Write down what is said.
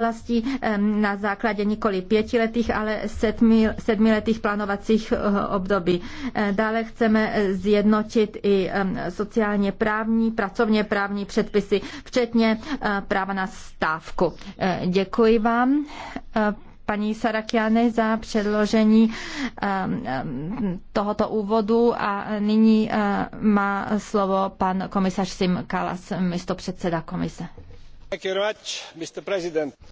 oblasti na základě nikoli pětiletých, ale sedmi, sedmiletých plánovacích eh, období. Eh, dále chceme eh, zjednotit i sociálně právní, pracovně právní předpisy, včetně práva na stávku. Děkuji vám paní Sarakiany za předložení tohoto úvodu a nyní má slovo pan komisař Sim Kalas, místo předseda komise. Much,